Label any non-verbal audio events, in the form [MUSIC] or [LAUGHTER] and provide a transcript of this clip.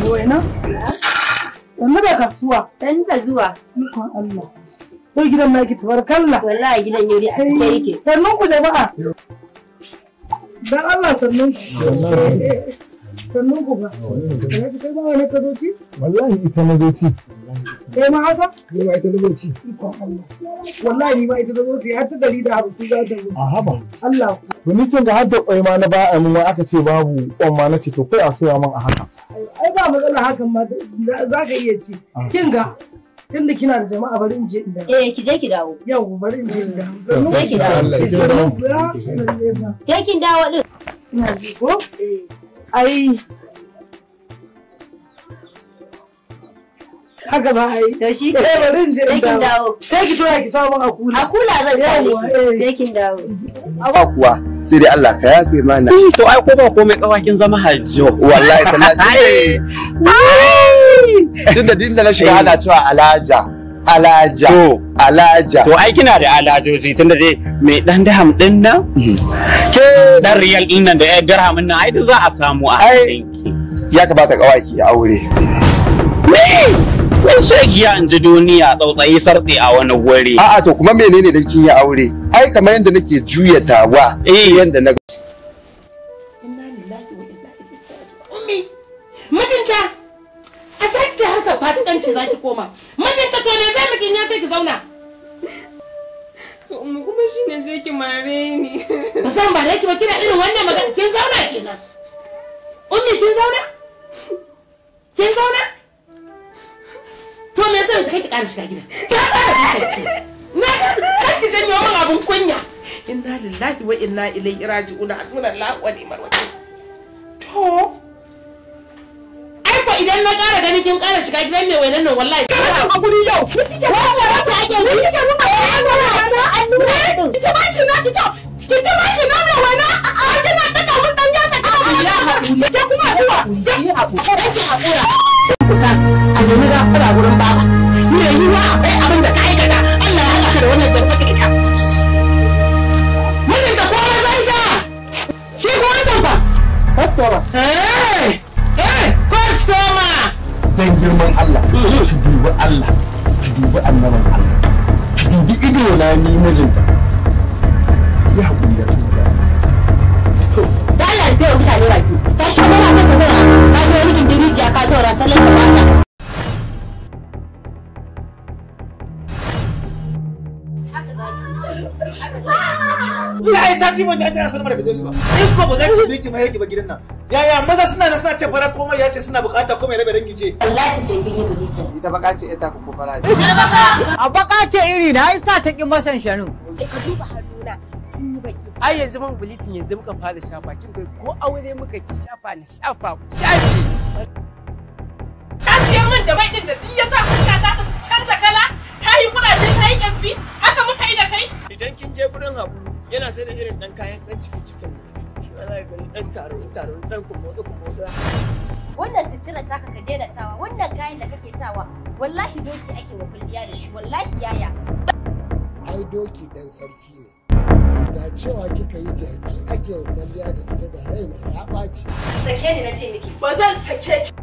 Bueno. da kasuwa. Sannu da zuwa. Ikon Allah. Ko gidan maki tabarkalla. Wallahi gidan yuri a cikin yake. ku jama'a. Dan Allah sannan ku ba kai ba wani ka zoci wallahi ita na zoci kai eh, ma haka ni ma ita na ci? wallahi ni ma ita na zoci har ta dari da hamsin za ta zo a haba Allah ku ni kin ga har da kwai ma na ba a mun aka ce babu kwan ma na ce to kai a soya man a haka ai ba matsala hakan ma za ka iya ci ah. kin ga tunda kina da jama'a bari in je in dawo. Eh ki je ki dawo. Yau bari in je in dawo. Je ki dawo. Je kin dawo din. Ina ji ko? Eh. ai haka ba ai da shi ke eh, bari in je in dawo sai ki tura ki samu akula akula zan kawo eh. sai kin dawo ba kuwa sai dai Allah ka yafe mana eh, to ai ko ba komai kawakin zama hajjo wallahi tallahi tunda dinda na shiga ana cewa alaja alaja alaja to ai kina da alajoji tunda dai mai dan daham din nan mhm. dan riyal din nan da dirham nan ai za a samu a ya kamata kawaki a aure Wai giya in ji duniya tsautsayi sarɗe a wani wuri. A'a to kuma menene dan kin yi aure? Ai kamar yadda nake juya tawa. Eh yadda na Mijinta a sake harkar fasikanci za ki koma. Mijinta to me zai mutum ya ce ki zauna? To umma kuma shine sai ki mare ni. [LAUGHS] Ba san ba ki ba kina irin wannan magana kin zauna kenan. Ummi kin zauna? Kin zauna? To me yasa kai ki ƙara shiga gida? Ka ƙara Na ki janyo min abun kunya. Inna lillahi wa inna ilaihi raji'un. Hasbunallahu wa ni'mal To idan na kara gani kin kara shiga gidan mai wainan nan wallahi. Kana a yau. Wannan ake yi. Kike nuna wainan nan na annuna din. Ki ba na ki Ki A kina ta ya ta Ya kuma zuwa. a gurin ka aikata. Allah ya da wannan jarfa. girman Allah mm-hmm. ki dubi Allah ki dubi annaban Allah ki dubi ido na ni mijinta Ya yi sati ban da tana sanar da bidiyo ba. In ko ba za ki bici mai yake ba gidan nan. Yaya maza suna nan suna ce fara komai ya ce suna bukata komai rabe dangi ce. Wallahi sai kin yi bidiyo. Ita baka ce ita ku kofara. A baka ce iri na sa ta ki masan sharin. Ka duba hannuna sun yi baki. Ai yanzu man bulitin yanzu muka fara shafa kin kai ko aure muka ki shafa na shafa shafi. Ka siya min da mai din da duk yasa fuska ta canza ɗan taro taro ɗan wannan sitira taka ka daina sawa wannan kayan da kake sawa wallahi doki ake wa kulliya da shi wallahi yaya ai doki dan sarki ne da cewa kika yi jaki ake wa kulliya da ita da raina ya ɓaci sake ni na ce miki ba zan sake ki